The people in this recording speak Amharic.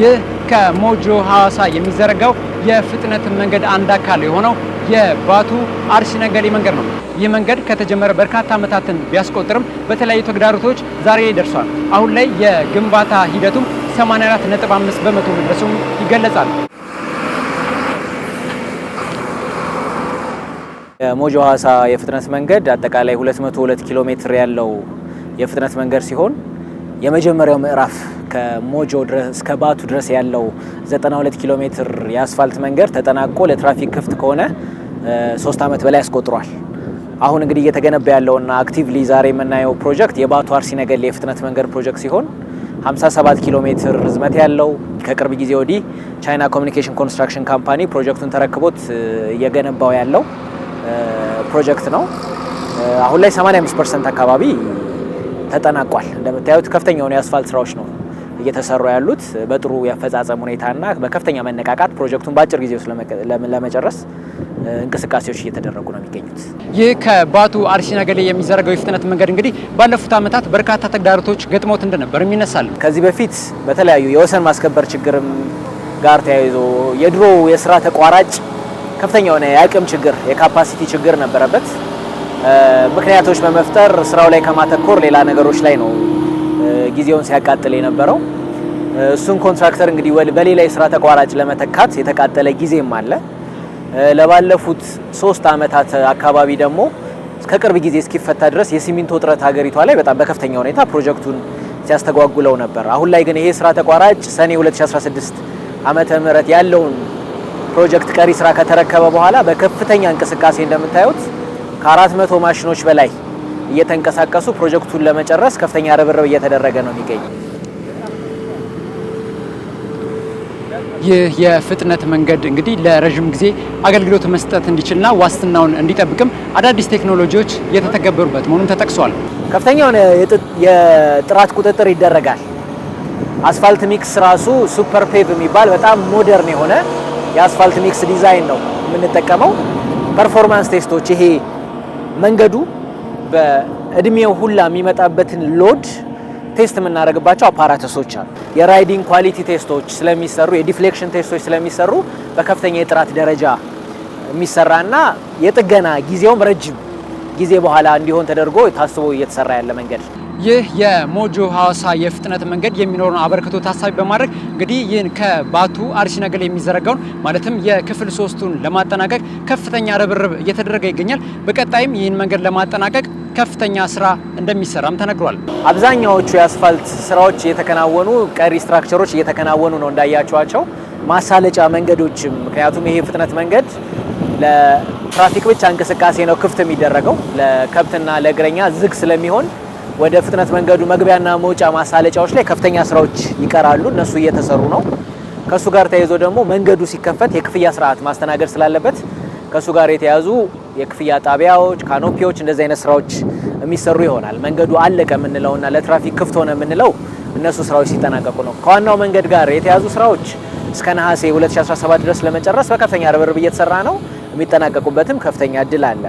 ይህ ከሞጆ ሐዋሳ የሚዘረጋው የፍጥነት መንገድ አንድ አካል የሆነው የባቱ አርሲ ነገሌ መንገድ ነው። ይህ መንገድ ከተጀመረ በርካታ ዓመታትን ቢያስቆጥርም በተለያዩ ተግዳሮቶች ዛሬ ደርሷል። አሁን ላይ የግንባታ ሂደቱም 84.5 በመቶ መድረሱም ይገለጻል። የሞጆ ሐዋሳ የፍጥነት መንገድ አጠቃላይ 202 ኪሎ ሜትር ያለው የፍጥነት መንገድ ሲሆን የመጀመሪያው ምዕራፍ ከሞጆ እስከ ባቱ ድረስ ያለው 92 ኪሎ ሜትር የአስፋልት መንገድ ተጠናቆ ለትራፊክ ክፍት ከሆነ ሶስት ዓመት በላይ ያስቆጥሯል። አሁን እንግዲህ እየተገነባ ያለውና አክቲቭሊ ዛሬ የምናየው ፕሮጀክት የባቱ አርሲ ነገሌ የፍጥነት መንገድ ፕሮጀክት ሲሆን 57 ኪሎ ሜትር ርዝመት ያለው ከቅርብ ጊዜ ወዲህ ቻይና ኮሚኒኬሽን ኮንስትራክሽን ካምፓኒ ፕሮጀክቱን ተረክቦት እየገነባው ያለው ፕሮጀክት ነው። አሁን ላይ 85 ፐርሰንት አካባቢ ተጠናቋል። እንደምታዩት ከፍተኛ የሆኑ የአስፋልት ስራዎች ነው እየተሰሩ ያሉት በጥሩ የአፈጻጸም ሁኔታና በከፍተኛ መነቃቃት ፕሮጀክቱን በአጭር ጊዜ ውስጥ ለመጨረስ እንቅስቃሴዎች እየተደረጉ ነው የሚገኙት። ይህ ከባቱ አርሲ ነገሌ የሚዘረገው የፍጥነት መንገድ እንግዲህ ባለፉት ዓመታት በርካታ ተግዳሮቶች ገጥሞት እንደነበር የሚነሳል። ከዚህ በፊት በተለያዩ የወሰን ማስከበር ችግርም ጋር ተያይዞ የድሮ የስራ ተቋራጭ ከፍተኛ የሆነ የአቅም ችግር የካፓሲቲ ችግር ነበረበት። ምክንያቶች በመፍጠር ስራው ላይ ከማተኮር ሌላ ነገሮች ላይ ነው ጊዜውን ሲያቃጥል የነበረው። እሱን ኮንትራክተር እንግዲህ በሌላ የስራ ተቋራጭ ለመተካት የተቃጠለ ጊዜም አለ። ለባለፉት ሶስት አመታት አካባቢ ደግሞ ከቅርብ ጊዜ እስኪፈታ ድረስ የሲሚንቶ እጥረት ሀገሪቷ ላይ በጣም በከፍተኛ ሁኔታ ፕሮጀክቱን ሲያስተጓጉለው ነበር። አሁን ላይ ግን ይሄ ስራ ተቋራጭ ሰኔ 2016 ዓመተ ምህረት ያለውን ፕሮጀክት ቀሪ ስራ ከተረከበ በኋላ በከፍተኛ እንቅስቃሴ እንደምታዩት ከአራት መቶ ማሽኖች በላይ እየተንቀሳቀሱ ፕሮጀክቱን ለመጨረስ ከፍተኛ ርብርብ እየተደረገ ነው የሚገኝ። ይህ የፍጥነት መንገድ እንግዲህ ለረዥም ጊዜ አገልግሎት መስጠት እንዲችልና ዋስትናውን እንዲጠብቅም አዳዲስ ቴክኖሎጂዎች የተተገበሩበት መሆኑን ተጠቅሷል። ከፍተኛ የሆነ የጥራት ቁጥጥር ይደረጋል። አስፋልት ሚክስ ራሱ ሱፐር ፔቭ የሚባል በጣም ሞደርን የሆነ የአስፋልት ሚክስ ዲዛይን ነው የምንጠቀመው። ፐርፎርማንስ ቴስቶች ይሄ መንገዱ በእድሜው ሁላ የሚመጣበትን ሎድ ቴስት የምናደርግባቸው አፓራተሶች አሉ። የራይዲንግ ኳሊቲ ቴስቶች ስለሚሰሩ፣ የዲፍሌክሽን ቴስቶች ስለሚሰሩ በከፍተኛ የጥራት ደረጃ የሚሰራና የጥገና ጊዜውም ረጅም ጊዜ በኋላ እንዲሆን ተደርጎ ታስቦ እየተሰራ ያለ መንገድ ነው። ይህ የሞጆ ሀዋሳ የፍጥነት መንገድ የሚኖረውን አበርክቶ ታሳቢ በማድረግ እንግዲህ ይህን ከባቱ አርሲ ነገሌ የሚዘረጋውን ማለትም የክፍል ሶስቱን ለማጠናቀቅ ከፍተኛ ርብርብ እየተደረገ ይገኛል። በቀጣይም ይህን መንገድ ለማጠናቀቅ ከፍተኛ ስራ እንደሚሰራም ተነግሯል። አብዛኛዎቹ የአስፋልት ስራዎች እየተከናወኑ፣ ቀሪ ስትራክቸሮች እየተከናወኑ ነው እንዳያቸዋቸው ማሳለጫ መንገዶችም ምክንያቱም ይሄ ፍጥነት መንገድ ለትራፊክ ብቻ እንቅስቃሴ ነው ክፍት የሚደረገው ለከብትና ለእግረኛ ዝግ ስለሚሆን ወደ ፍጥነት መንገዱ መግቢያና መውጫ ማሳለጫዎች ላይ ከፍተኛ ስራዎች ይቀራሉ። እነሱ እየተሰሩ ነው። ከሱ ጋር ተያይዞ ደግሞ መንገዱ ሲከፈት የክፍያ ስርዓት ማስተናገድ ስላለበት ከሱ ጋር የተያዙ የክፍያ ጣቢያዎች፣ ካኖፒዎች እንደዚህ አይነት ስራዎች የሚሰሩ ይሆናል። መንገዱ አለቀ የምንለውና ለትራፊክ ክፍት ሆነ የምንለው እነሱ ስራዎች ሲጠናቀቁ ነው። ከዋናው መንገድ ጋር የተያዙ ስራዎች እስከ ነሐሴ 2017 ድረስ ለመጨረስ በከፍተኛ ርብርብ እየተሰራ ነው። የሚጠናቀቁበትም ከፍተኛ እድል አለ።